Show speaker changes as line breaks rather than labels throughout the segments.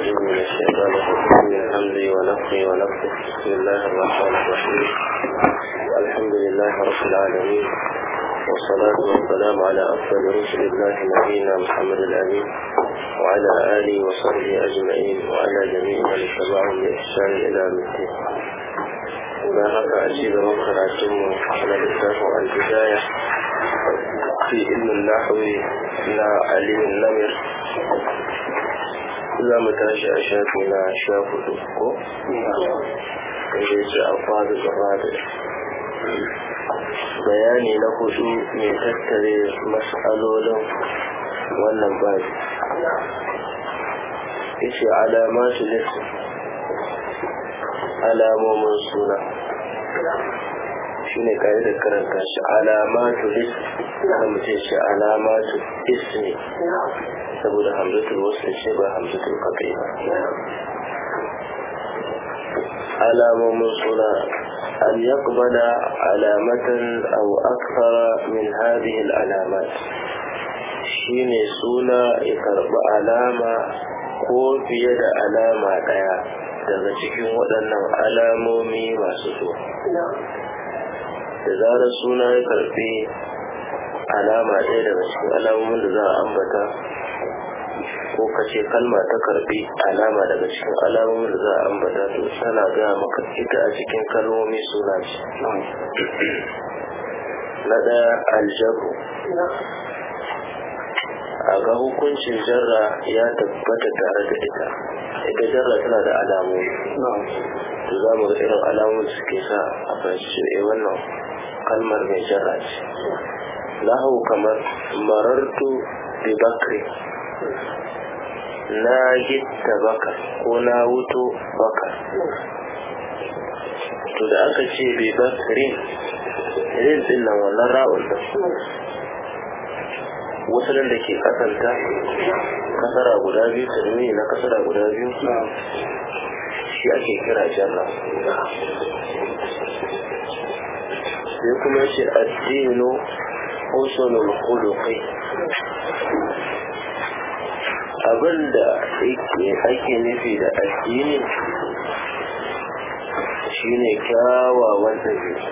الرجيم من الشيطان الرجيم من حمدي ونفخي بسم الله الرحمن الرحيم الحمد لله رب العالمين والصلاة والسلام على أفضل رسل الله نبينا محمد الأمين وعلى آله وصحبه أجمعين وعلى جميع من اتبعهم بإحسان إلى مثله ما هكا أجيب مخرج عجمه على الإسلام والبداية في علم النحو لا علم النمر za mu tashi a shafi na sha hudu ko? Kada ya ce a faru gaba da bayani na hudu mai tattare mas'alolin wannan babi. alama alamatu lissu alamomin suna shi ne kare da karanta shi alamatu lissu da mutum shi alamatu ismi saboda hamzatul wasu ce ba hamzatul kafi ba alamomin suna أن alamatan علامة أو min من alamat, shine suna سونا يقرب alama ko fiye da alama ɗaya daga cikin waɗannan alamomi masu zuwa da zarar suna ya karfi alama ɗaya daga cikin alamomin da za a ambata ko ka ce kalma ta karbi alama daga cikin alamomin da za a ambata to tana gaya maka ita a cikin kalmomi suna ce na ɗaya aljabu a ga hukuncin jarra ya tabbata tare da ita ita jarra tana da alamomi to za mu ga irin alamomin suke sa a fahimci eh wannan kalmar mai jarra ce lahu kamar marartu bi bakri na gitta bakar ko na wuto bakar to da aka ce bi bakri irin din nan wannan ra'un da wasu da ke kasanta kasara guda biyu ta nuni na kasara guda biyu shi ake kira jarra sai kuma ce addinu. husnul khuluqi abinda ake nufi da addini shine kyawawan ɗabi'u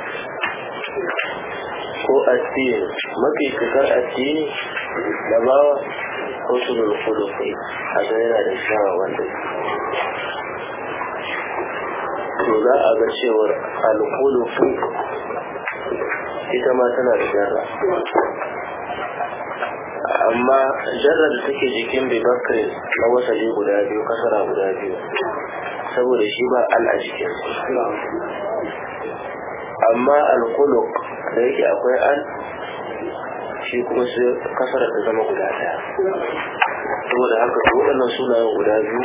ko addini mafi cikar addini da bawa husnul kai a yana da kyawawan ɗabi'u to za a ga cewar alkhuluqi ita ma tana da jarra amma jarra da take jikin bai bakare na wasali guda biyu kasara guda biyu saboda shi ba al a jikin amma alkuluk da yake akwai al shi kuma su kasara ta zama guda daya saboda haka waɗannan sunayen guda biyu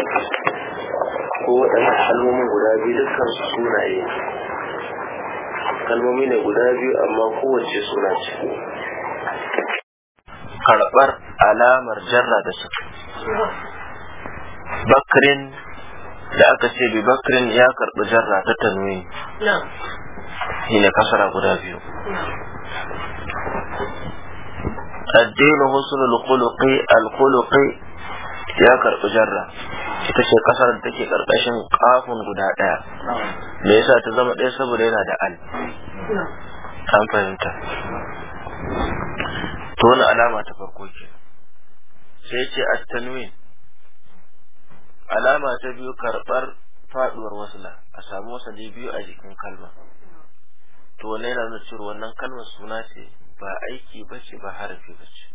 ko waɗannan kalmomin guda biyu dukkan su sunaye kalmomi ne guda biyu amma kowace suna ce karɓar alamar jarra da su bakrin da aka ce bi bakrin ya karɓi jarra ta tanwini shi ne kasara guda biyu addinu husnul khuluqi al khuluqi ya karɓi jarra ita ce kasar da take karkashin kafin guda daya me yasa ta zama ɗaya saboda yana da al an fahimta to wani alama ta farko ke sai ce a tanwin alama ta biyu karɓar faɗuwar wasla a samu wasali biyu a jikin kalma to wannan yana nuna cewa wannan kalmar suna ce ba aiki ba ce ba harafi ba ce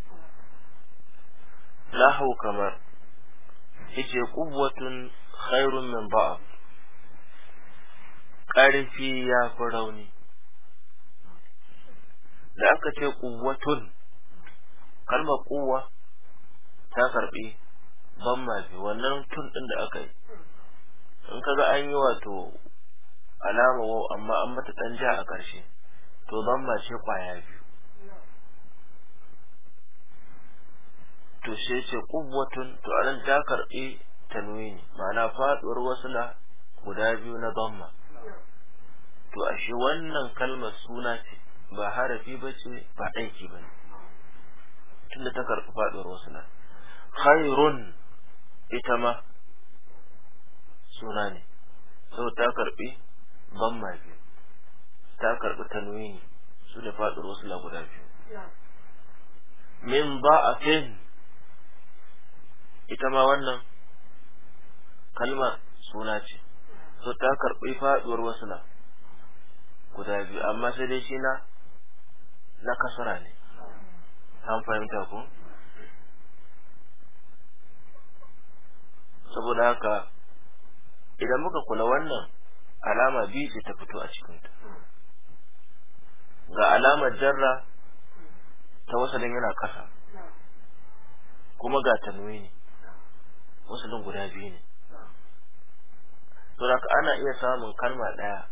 lahu kamar yace quwwatun khairun min ba'd ƙarfi ya fi rauni da aka ce quwwatun kalmar quwwa ta karbi ban mafi wannan tun din da aka yi in kaga an yi wato alama wau amma an mata dan ja a ƙarshe to ban ma ce kwaya biyu to sai ce kuwwatun to anan ta karbi tanwini ma'ana faduwar wasla guda biyu na dhamma to ashe wannan kalmar suna ce ba harafi bace ba aiki bane tunda ta karbi faduwar wasla khairun ita ma suna ne sau ta karbi dhamma biyu ta karbi tanwini su da faduwar wasla guda biyu min ba'afin ita ma wannan kalmar suna ce so ta karɓi faɗuwar wasu na guda biyu amma sai dai shi na na kasara ne an fahimta ku saboda haka idan muka kula wannan alama biyu ce ta fito a cikin cikinta ga alamar jarra ta wasalin yana ƙasa kuma ga tanwini wasalin guda biyu ne to da ana iya samun kalma ɗaya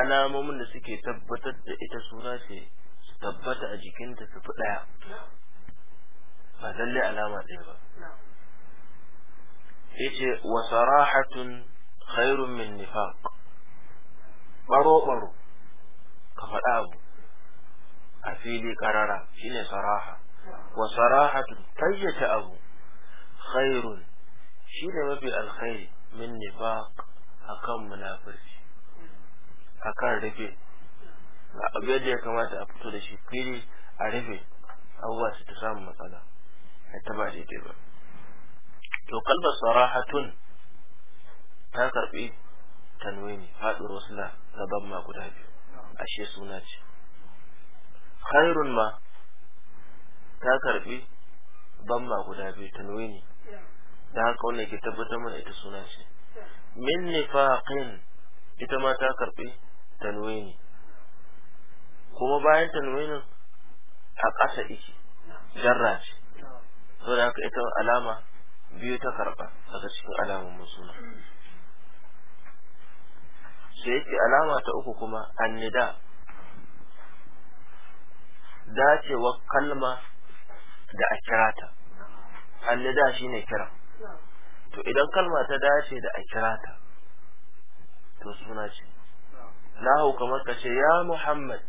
alamomin da suke tabbatar da ita suna ce su tabbata a jikinta su fi ɗaya ba lallai alama ɗaya ba yace wa sarahatun khairun min nifaq baro baro ka faɗa abu a fili karara shine saraha wa sarahatun tayyata abu khairun shi ne mafi alkhairi min nifaq akan munafirci akan rufe abu yadda ya kamata a fito da shi fili a rufe abubuwa su ta samu matsala a ta ba daidai ba to kalmar sarahatun ta karbi tanwini faɗuwar wasu na gaban ma guda biyu ashe suna ce khairun ma ta karbi ban ma guda biyu tanwini da haka wannan ke tabbatar mana ita suna ce min nifaqin ita ma ta karbi tanwini kuma bayan tanwinin a ƙasa iki jarra ce Da haka ita alama biyu ta karba daga cikin alamun suna sai yake alama ta uku kuma annida dacewar kalma da a kirata shi shine kira to idan kalma ta dace da a kira ta to suna ce na kamar ka ce ya muhammad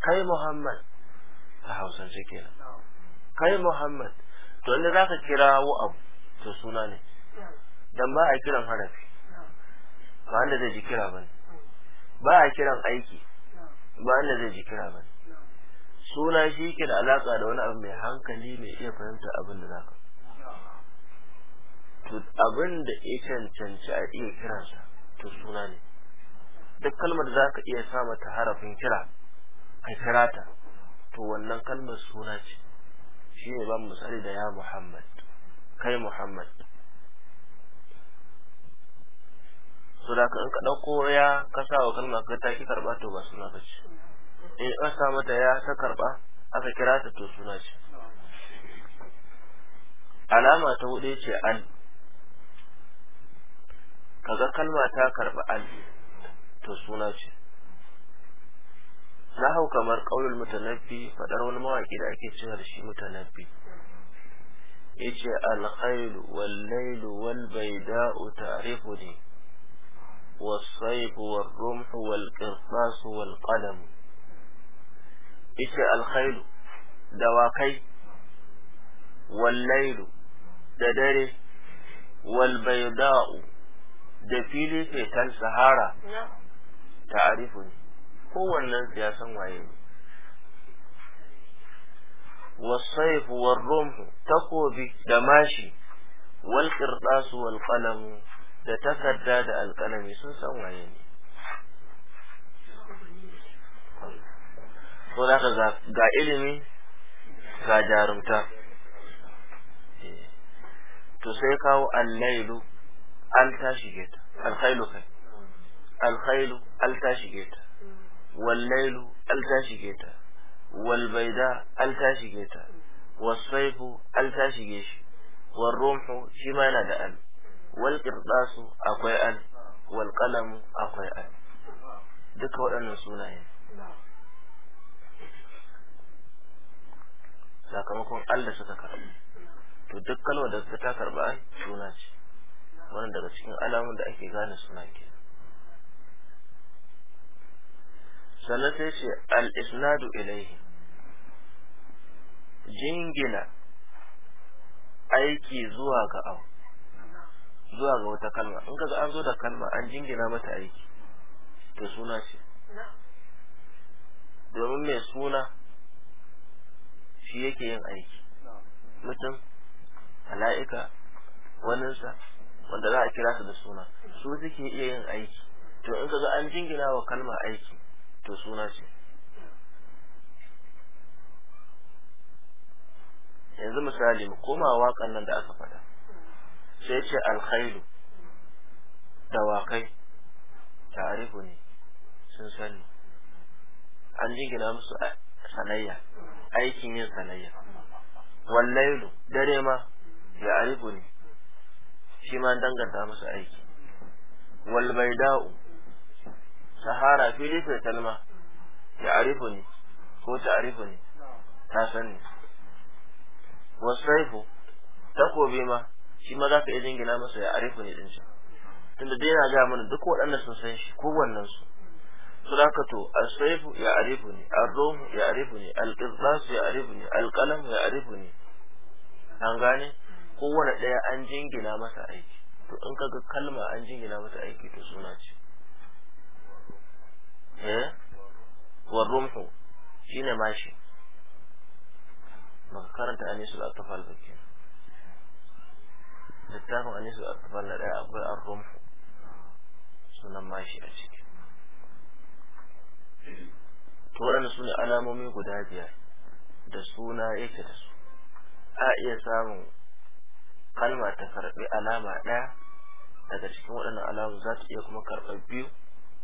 kai muhammad a hausance kenan kai muhammad to inda za ka kira wa abu to suna ne dan ba a kiran harafi ba wanda zai ji kira ba ba a kiran aiki ba wanda zai ji kira ba ne suna shi ke da alaka da wani abu mai hankali mai iya fahimta abin da za ka abin da ya cancanci a iya kiransa to suna ne duk kalmar za ka iya sa mata harafin kira ka kira ta to wannan kalmar suna ce shi ne ban misali da ya muhammad kai muhammad so da ka in ka ɗauko ya ka sa wa kalmar ka ta ki karɓa to ba suna ba ce in eh, ƙasa mata ya ta karba aka kira ta to suna ce alama ta hudu ce an kaga kalma ta karba an to suna ce na hau kamar ƙaunar mutanabbi faɗar wani mawaƙi da ake cewa da shi mutanabbi yace layl wal walbaida'u ta'rifuni والصيف والرمح والقرطاس والقلم yace alkhailu dawakai wallailu da dare walbaida'u da fili fetal sahara ta'arifu ne kowannen su ya san waye ne والصيف والرمح تقوبي دماشي والقرطاس والقلم da takarda da alƙalami sun san waye ne ko za ka ga ilimi ga jarumta eh. to sai kawo allailu al tashi geta ta kai alkhailu al tashi geta, ta wallailu al tashi geta, walbaida al tashi geta, ta al tashi shige shi warrumhu shi ma yana da al wal qirdasu akwai al wal qalamu akwai al duka waɗannan sunaye sakamakon Allah suka karɓa to duk kalmar da ta karɓa an suna ce wannan daga cikin alamun da ake gane suna ke sannan sai ce al-isnadu ilaihi jingina aiki zuwa ga abu zuwa ga wata kalma in ga an zo da kalma an jingina mata aiki to suna ce domin mai suna shi yake yin aiki mutum mala'ika waninsa wanda za a kira su da suna su suke iya yin aiki to in ka kaga an jingina wa kalma aiki to suna ce yanzu misali mu koma waƙan nan da aka faɗa sai ce alkhairu dawakai tarihu ne sun sani an jingina musu sanayya aikin yin sanayya wallailu dare ma ya aribu ne shi ma danganta musu aiki walbaida'u sahara fili talma ya aribu ne ko ta aribu ne ta sani wasaifu takobi ma shi ma za ka iya jingina masa ya aribu ne din shi tunda dai yana gaya mana duk waɗanda sun san shi ko wannan su sadakatu as-sayfu ya arifuni ar-ruhu ya arifuni al-qirdas ya arifuni al-qalam ya arifuni an gane kowane ɗaya an jingina masa aiki to in ka ga kalma an jingina masa aiki to suna ce eh war shine mashi maka karanta anisul atfal bakin littafin anisul atfal na ɗaya akwai ar sunan mashi a ciki to waɗanda su ne alamomi guda biyar da suna yake da su a iya samun kalma ta karbi alama ɗaya daga cikin waɗannan alamu za ta iya kuma karɓar biyu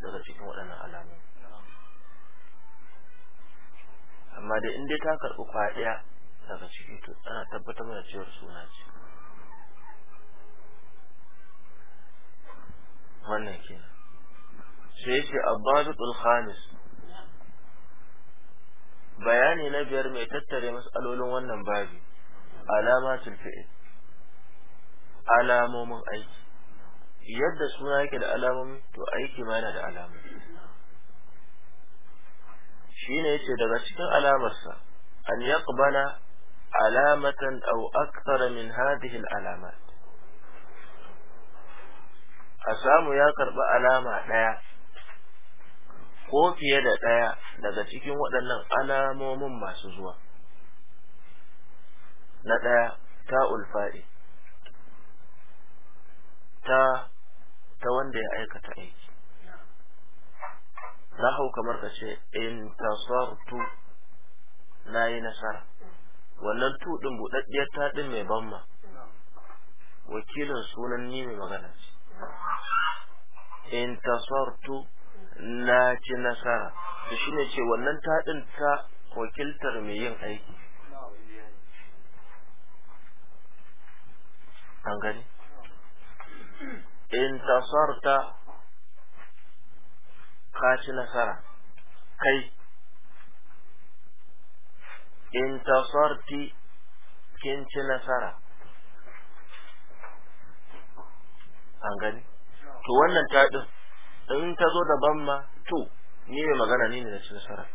daga cikin waɗannan alamu amma da in dai ta karɓi kwaɗiya daga ciki to ana tabbatar mana cewar suna ce wannan kenan sai yace abbasul khamis bayani na biyar mai tattare matsalolin wannan babi alama fi'il alamomin aiki yadda suna yake da alamomi to aiki ma yana da alamomi ne yace daga cikin alamarsa an yaqbala alamatan aw akthar min hadhihi alamat a samu ya karba alama daya ko fiye da ɗaya daga cikin waɗannan alamomin masu zuwa na ɗaya ta ulfa'i ta ta wanda ya aikata aiki na hau kamar ka ce in tasartu na yi nasara wannan tuɗin buɗaɗɗiyar taɗin mai banma wakilin sunan ni mai magana ce in tasartu na ci nasara to shine ce wannan taɗin ta wakiltar mai yin aiki an gani In intasarta ka ci nasara kai In intasarti kin ci nasara an gani to wannan taɗin in ta zo da bamma to ni ne magana ni ne da nasara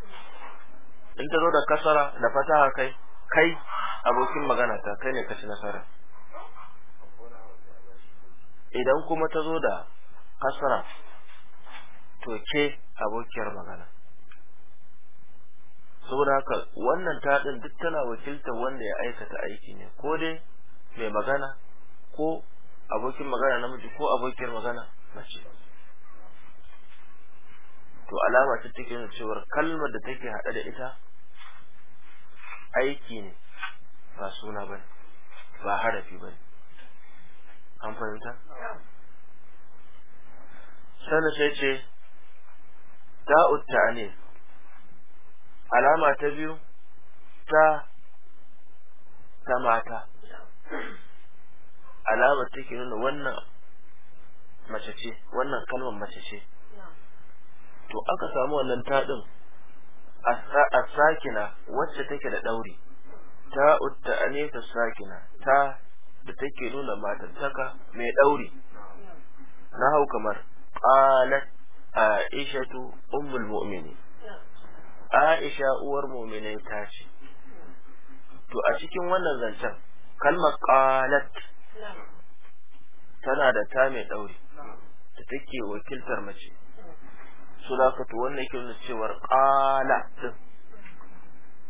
in ta zo da kasara da fataha kai kai abokin magana ta kai ne ka ci nasara idan kuma ta zo da kasara to ke abokiyar magana saboda haka wannan taɗin duk tana wakiltar wanda ya aikata aiki ne ko dai mai magana ko abokin magana namiji ko abokiyar magana mace to alama ta take nuna cewa kalmar da take haɗe da ita aiki ne ba suna bane ba harafi bane an fahimta sannan sai ce ta ta'anis alama ta biyu ta ta mata alama take nuna wannan mace ce wannan kalmar mace ce to aka samu wannan taɗin a sakina wacce take da ɗauri ta utta nesa sakina ta da take nuna matantaka mai ɗauri na hau kamar qalat tu ummul mu'mini aisha uwar mu'minai ta ce to a cikin wannan zancen kalmar qalat tana da ta mai ɗauri
da
take wakiltar mace su wannan yake nuna cewar ƙala ɗin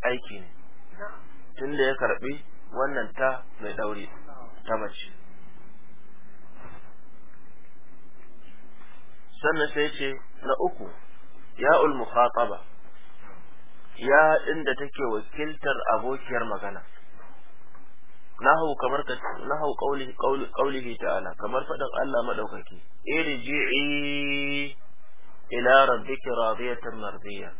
aiki ne tunda ya karɓi wannan ta mai ɗaure ta mace sannan sai ce na uku ya mukhataba ya inda take wakiltar abokiyar magana nahu kamar ka nahu qawli qawli qawlihi ta'ala kamar fadan Allah madaukaki irji'i ila rabbiki radiyatan mardiya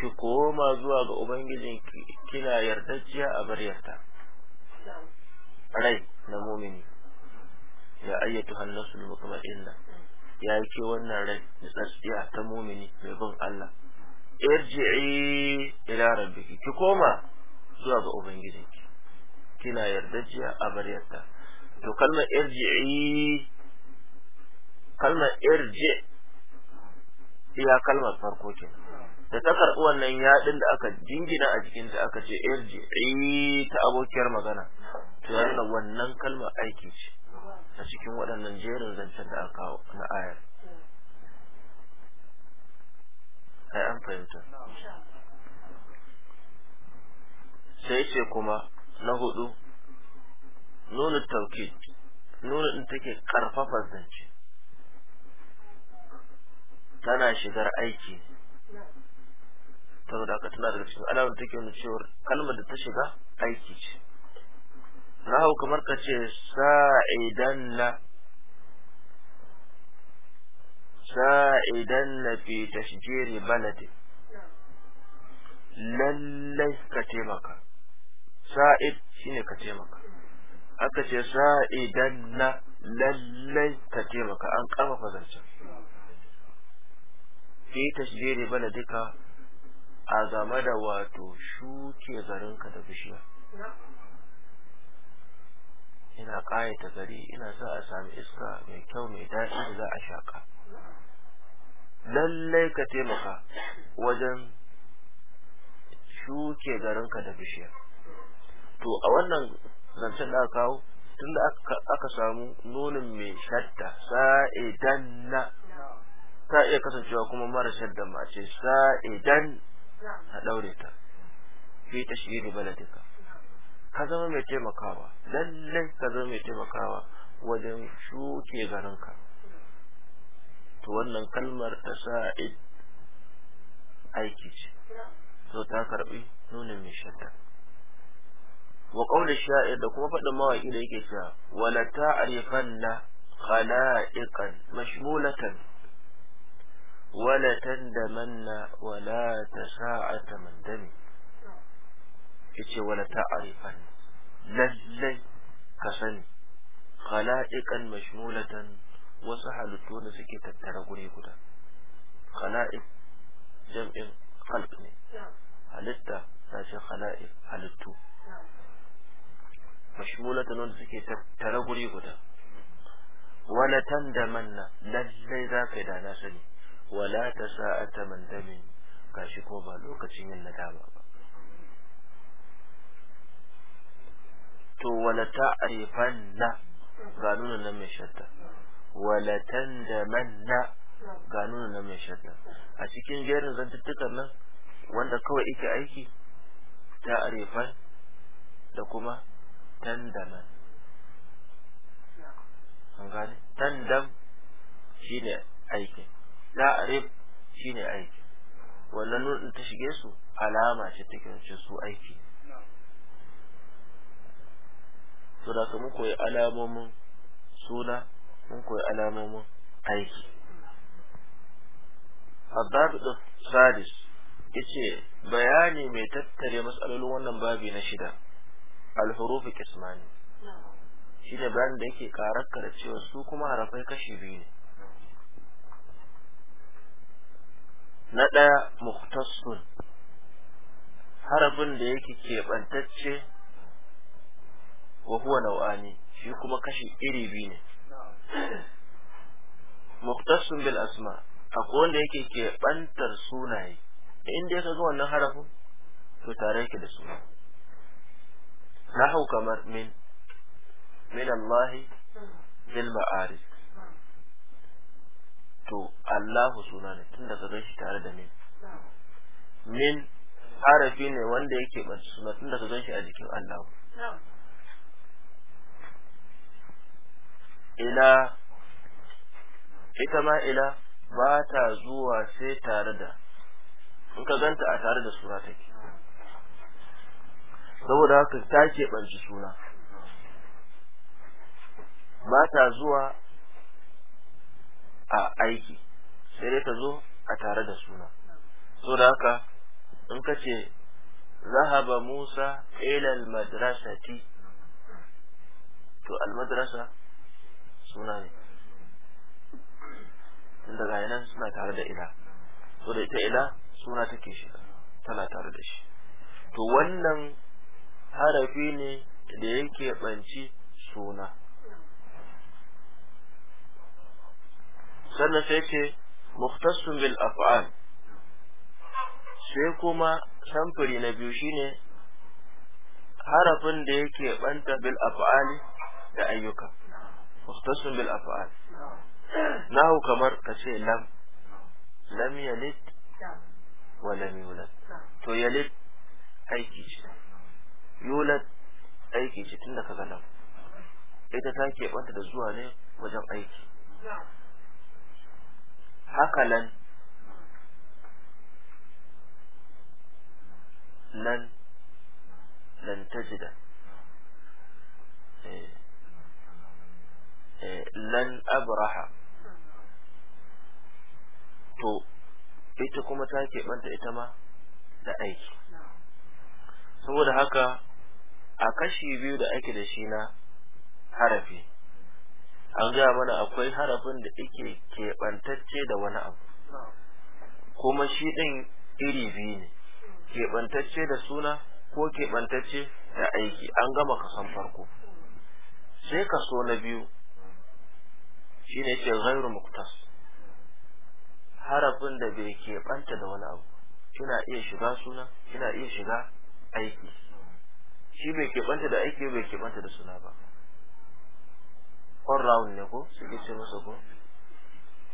ki koma zuwa ga ubangijinki kina yardajjiya a baryarta rai na mumini ya ayyatu hannasul mutma'inna ya yi ke wannan rai da tsatsiya ta mumini mai bin Allah irji'i ila rabbiki ki koma zuwa ga ubangijinki kina yardajjiya a baryarta to kalmar irji'i kalmar irji' iya kalmar farko ce da ta karɓi wannan yaɗin da aka jingina a jikinta aka ce irji eh, eh, ta abokiyar magana to ya wannan kalmar aiki ce a cikin waɗannan jerin zancen da aka kawo na ayar ai an fahimta sai ce kuma na hudu nuna tauki nuna in take karfafa zance tana shigar aiki saboda haka tana daga cikin alamar da take nuna cewa kalmar da ta shiga aiki ce na hau kamar ka ce sa'idan na fi tashjiri balade lallai ka taimaka sa'id shine ka taimaka aka ce sa'idan na lallai ka taimaka an kama zancen bai yi baladika duka a game da wato shuke garinka da bishiya ina ƙayata gari ina sa a sami iska mai kyau mai daɗi da za a shaƙa lallai ka taimaka wajen shuke garinka da bishiya to a wannan zancen da aka kawo tun da aka samu nonin mai shatta sa'idan na ta iya kasancewa kuma mara shadda mace sa'idan a daure ta fi tashiri baladika ka zama mai taimakawa lallai ka zama mai taimakawa wajen shuke garinka to wannan kalmar ta sa'id aiki ce to ta karbi nunin mai shadda wa qawli sha'ir da kuma faɗin mawaki da yake cewa wala ta'rifanna khala'iqan mashmulatan wala tandamanna wala tasa'ata mandami yace wala ta'rifan lallai ka sani khala'iqan mashmulatan wasu halittu da suke tattara guri guda khala'iq jam'in khalq ne halitta ta ce khala'iq halittu mashmulatan wanda suke tattara guri guda
wala tandamanna
lallai za ka yi da na sani wala ta sa'ata man damin gashi ko ba lokacin yin nadama ba to wala ta'rifanna ga nuna nan mai shatta wala tandamanna ga nuna nan mai shatta a cikin jerin zantuttukan nan wanda kawai yake aiki arifan da kuma man an gane tandam ne aikin la'arif shine aiki wannan nun ta shige su alama ce take nuna su aiki to da kuma koyi alamomin suna mun koyi alamomin aiki da Sadis yace bayani mai tattare matsalolin wannan babi na shida alhurufi kismani shine bayanin da yake karakkar cewa su kuma harafai kashi biyu ne na ɗaya muhtasun harafin da yake keɓantacce wa huwa nau'ani shi kuma kashi iri biyu ne muhtasun bil asma akwai wanda yake keɓantar sunaye inda ya ga wannan harafin to tare yake da suna nahu kamar min min allahi bil ma'arif to Allahu suna ne tun daga gan shi tare da min min harafi ne wanda yake ɓarci suna tun daga gan shi a jikin Allahu ila ita ma ila ba ta zuwa sai tare da in ka ganta a tare da sura take saboda haka ta ke keɓanci suna ba ta zuwa a aiki sai dai ta zo a tare da suna so da haka in ka ce zahaba musa ilal madrasati to al madrasa suna ne tun daga yanar suna tare da ila so da ita ila suna take shi tana tare da shi to wannan harafi ne da yake banci suna sannan sai ce muhtassun bil af'al sai kuma samfuri na biyu shine harafin da yake banta bil af'ali da ayyuka muhtassun bil af'al nahu kamar kace lam lam yalid wa lam yulad to yalid aiki ce yulad aiki ce tunda kaga lam ita ta ke banta da zuwa ne wajen aiki haka nan nan tajida eh. Eh, lan abraha to ita kuma ta ke keɓanta ita ma da aiki saboda haka a kashi biyu da ake da shi na harafi
an gaya mana akwai harafin
da yake keɓantacce da wani abu kuma shi ɗin iri biyu ne keɓantacce da suna ko keɓantacce da aiki an gama kasan farko sai kaso na biyu shi ne ke zairu muktas harafin da bai keɓanta da wani abu kina iya shiga suna kina iya shiga aiki shi bai keɓanta da aiki bai keɓanta da suna ba all round ne ko suke ce masa ko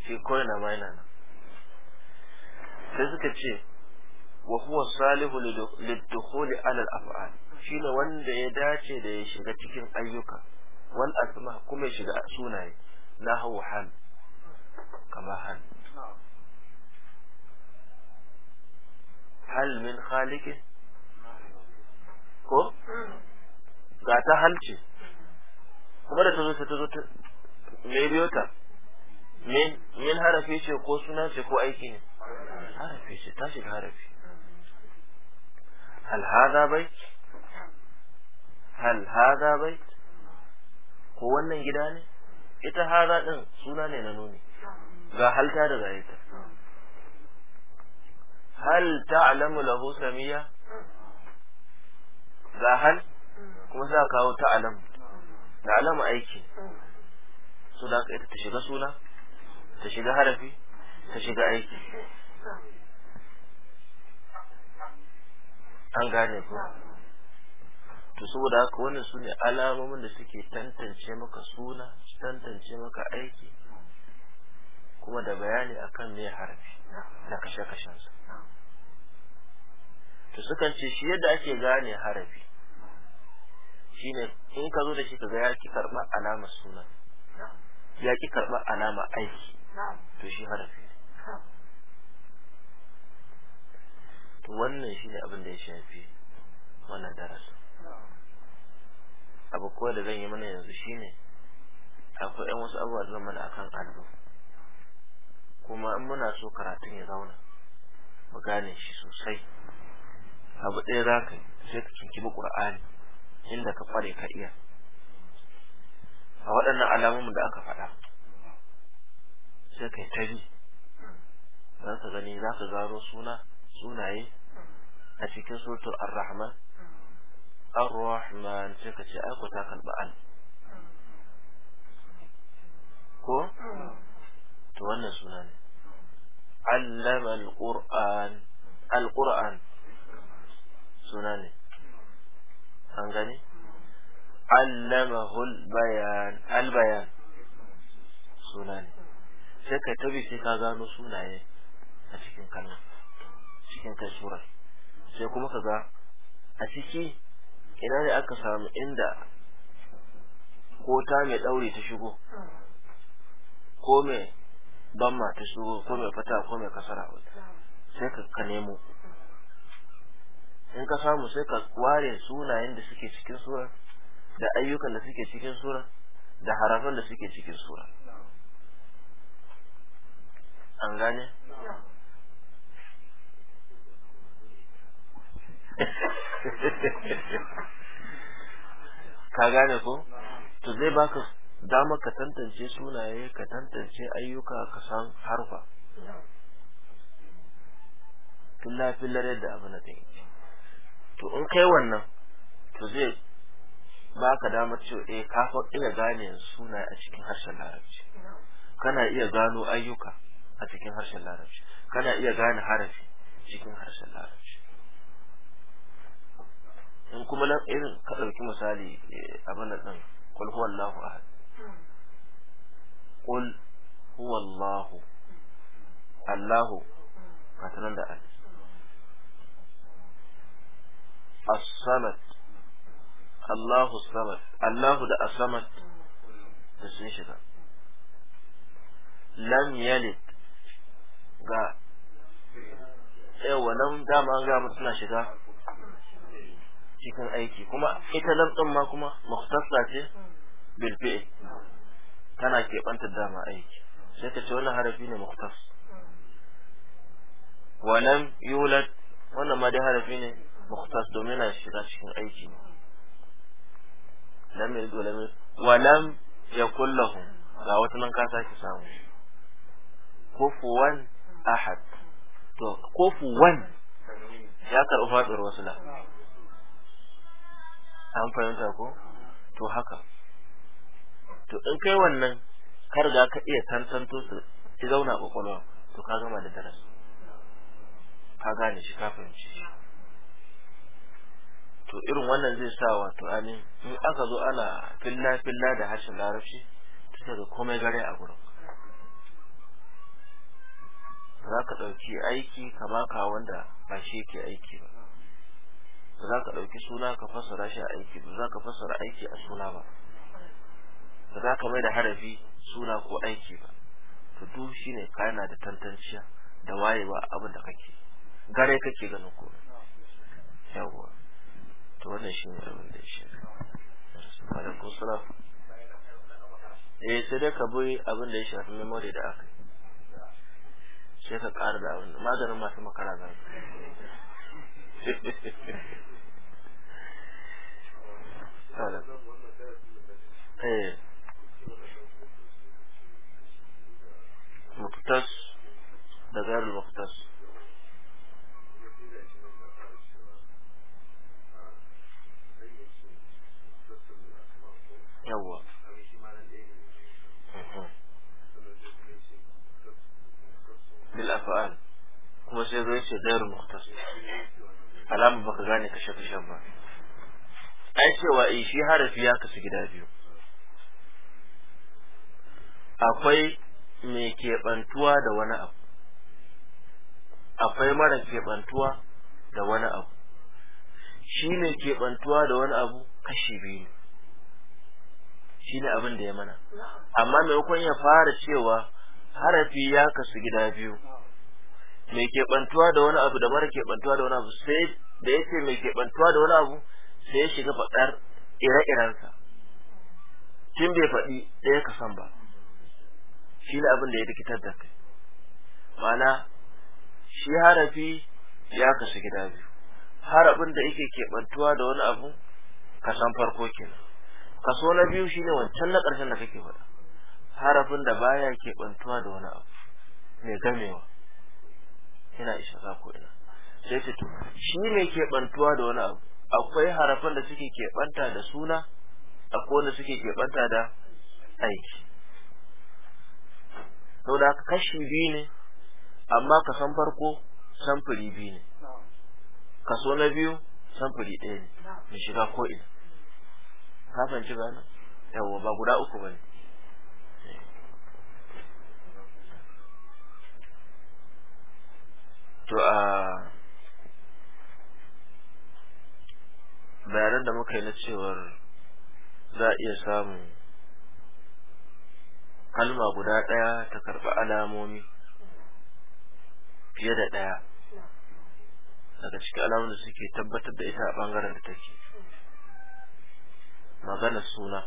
shi kawai na ma yana nan sai suka ce wa huwa salihu lidukhuli ala al-af'al shine wanda ya dace da ya shiga cikin ayyuka wal asma kuma ya shiga sunaye na hawa hal kama hal hal min khaliqin ko ga ta halce kuma da ta zo ta zo ta me biyo ta min harafi ce ko suna ce ko aiki ne harafi ce ta shiga harafi hal haza bai hal haza bai ko wannan gida ne ita haza din suna ne na nuni ga halta da ta. hal ta'lamu lahu samiya ga hal kuma za ka kawo ta'lamu da alama aiki so da aka ita ta shiga suna ta shiga harafi ta shiga aiki an gane ko to saboda haka wannan su ne alamomin da suke tantance maka suna tantance maka aiki kuma da bayani akan me harafi na kashe-kashensa to sukan ce shi yadda ake gane harafi shine in ka zo da shi ga ya ki karba alama suna ya ki karba alama aiki to shi harafi to wannan shine abin da ya shafi wannan darasin. abu kowa da zan yi mana yanzu shine akwai yan wasu abubuwa zan mana akan allo kuma in muna so karatun ya zauna mu gane shi sosai abu ɗaya za ka sai ka kinkibi ƙur'ani inda ka kware ka iya a waɗannan alamun da aka faɗa sai kai ta bi za ka gani za ka gano suna sunaye a cikin suratul ar-rahman ar-rahman sai ka ce ai ta kalba al ko to wannan suna ne allama al-qur'an al-qur'an suna ne an gani allamahul bayan albayan suna ne sai ka tabi sai ka gano sunaye a cikin kalma cikin kai sura sai kuma ka ga a ciki ina ne aka samu inda ko ta mai daure ta shigo ko mai ban ma ta shigo ko mai fata ko samu sai ka ware sunayen da suke cikin sura da ayyukan da suke cikin sura da harafan da suke cikin sura an gane ka gane ko to zai baka dama ka tantance sunaye ka tantance ayyuka ka san harfa filla fillar yadda abu na ta yi to in kai wannan to zai ba ka damar cewa eh kafin iya gane suna a cikin harshen larabci kana iya gano ayyuka a cikin harshen larabci kana iya gane harafi cikin harshen larabci in kuma nan irin ka ɗauki misali eh, abin da ɗan kul huwa Allahu ahad kul huwa Allahu Allahu ka da alis as-samad Allahu samad Allahu da as-samad da sun shiga lam yalid ga yawa lam dama ga gama suna shiga cikin aiki kuma ita lam din ma kuma mukhtassa ce bil fi'l tana keɓanta dama aiki sai ka ce wannan harafi ne mukhtass wa lam yulad wannan ma dai harafi ne mukhtas domin yana shiga cikin aiki lam yalid wa lam wa lam yakul lahu ga wata nan ka sake samu kufuwan ahad to kufuwan ya karɓi faɗuwar wasu la an fahimta ko to haka to in kai wannan kar ga ka iya tantanto su ki zauna kwakwalwa to ka gama da darasi ka gane shi ka fahimci shi to irin wannan zai sa wato ainihin in aka zo ana filla filla da harshen larabci sai da komai gare a gurin za ka ɗauki aiki kama ka wanda ba shi yake aiki ba ba za ka ɗauki suna ka fassara shi a aiki ba za ka fassara aiki a suna ba ba za ka mai da harafi suna ko aiki ba to duk shi ne kana da tantanciya da wayewa abin da kake gare kake ganin komai yawwa to wannan shi ne abin da ya shi alaikum salam eh sai dai ka bi abin da ya shafi memory da aka sai ka ƙara da abin maganin masu makara za
su eh
muftas da gairar muftas ce gairu muhtas alama baka gane kashe kashen ba ai cewa in eh, shi harafi ya kasu gida biyu akwai mai keɓantuwa da wani abu akwai mara keɓantuwa da wani abu shi ne keɓantuwa da wani abu kashi biyu ne shi ne abin da ya mana amma maimakon ya fara cewa harafi ya kasu gida biyu mai keɓantuwa da wani abu da mara keɓantuwa da wani abu sai da yake mai keɓantuwa da wani abu sai ya shiga faɗar ire-irensa tun bai faɗi ɗaya ka san ba shi ne abin da ya rikitar da kai ma'ana shi harafi ya kasu gida biyu harafin da yake keɓantuwa da wani abu ka san farko kenan kaso na biyu shi ne wancan na ƙarshen da kake faɗa harafin da baya keɓantuwa da wani abu mai gamewa yana isa ko ina sai ta to shi ke bantuwa da wani abu akwai harafan da suke banta da suna akwai wanda suke banta da aiki sau da kashi biyu ne amma ka san farko samfuri biyu ne kaso na biyu samfuri ɗaya ne mai shiga ko ina kafin fahimci ba Yawo ba guda uku ba ne to a bayanan da muka yi na cewar za a iya samun kalma guda ɗaya ta karba alamomi fiye da ɗaya daga cikin alamun da suke tabbatar da ita a ɓangaren da take magana suna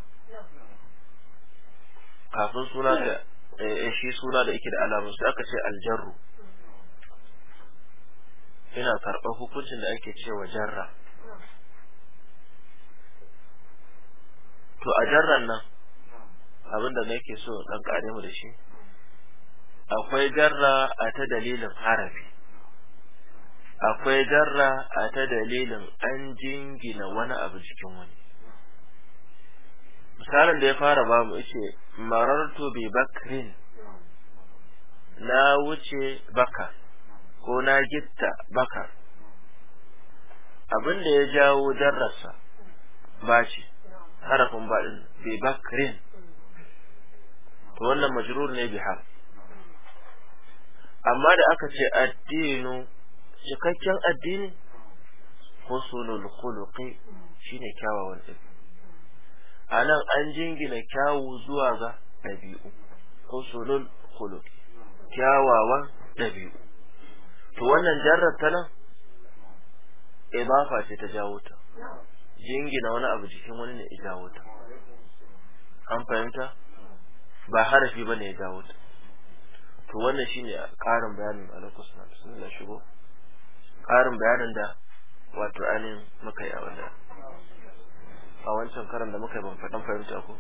kafin suna da eh, shi suna da ike da alamun sai aka ce aljarru ina karɓar hukuncin da ake cewa jarra to a jarran nan abinda na ke so ɗan ƙare mu da shi akwai jarra a ta dalilin harafi akwai jarra a ta dalilin an jingina wani abu cikin wani misalin da ya fara ba mu ce marartu bi bakrin na wuce baka ko na gitta baka? abin da ya jawo darrasa ba ce harafin baɗin bai bakrin to wannan majrur ne bi har amma da aka ce addinu cikakken addini husnul khuluqi shine kyawawan ɗabi'u a nan an jingina kyawu zuwa ga ɗabi'u sunul khuluqi kyawawan ɗabi'u to wannan jarrar ta nan idafa ce ta jawo ta jingina wani abu jikin wani ne ya jawo ta an fahimta ba harafi ba ne ya jawo ta to wannan shine karin bayanin alaikus na bismillah shigo karin bayanin da wato ainihin muka yi a wannan a wancan karan da muka yi ban faɗan fahimta ko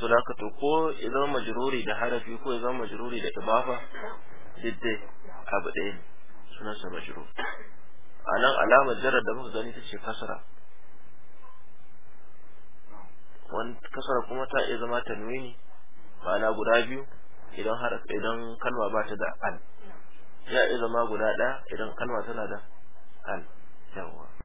to da ko ya zama majururi da harafi ko ya zama majururi da ibafa duk abu ɗaya sunansa majrur a nan alamar jarar da muka gani ta ce kasara wani kasara kuma ta iya zama tanwini ma'ana guda biyu idan har kalma ba ta da al ya iya zama guda ɗaya idan kalma tana da al yawwa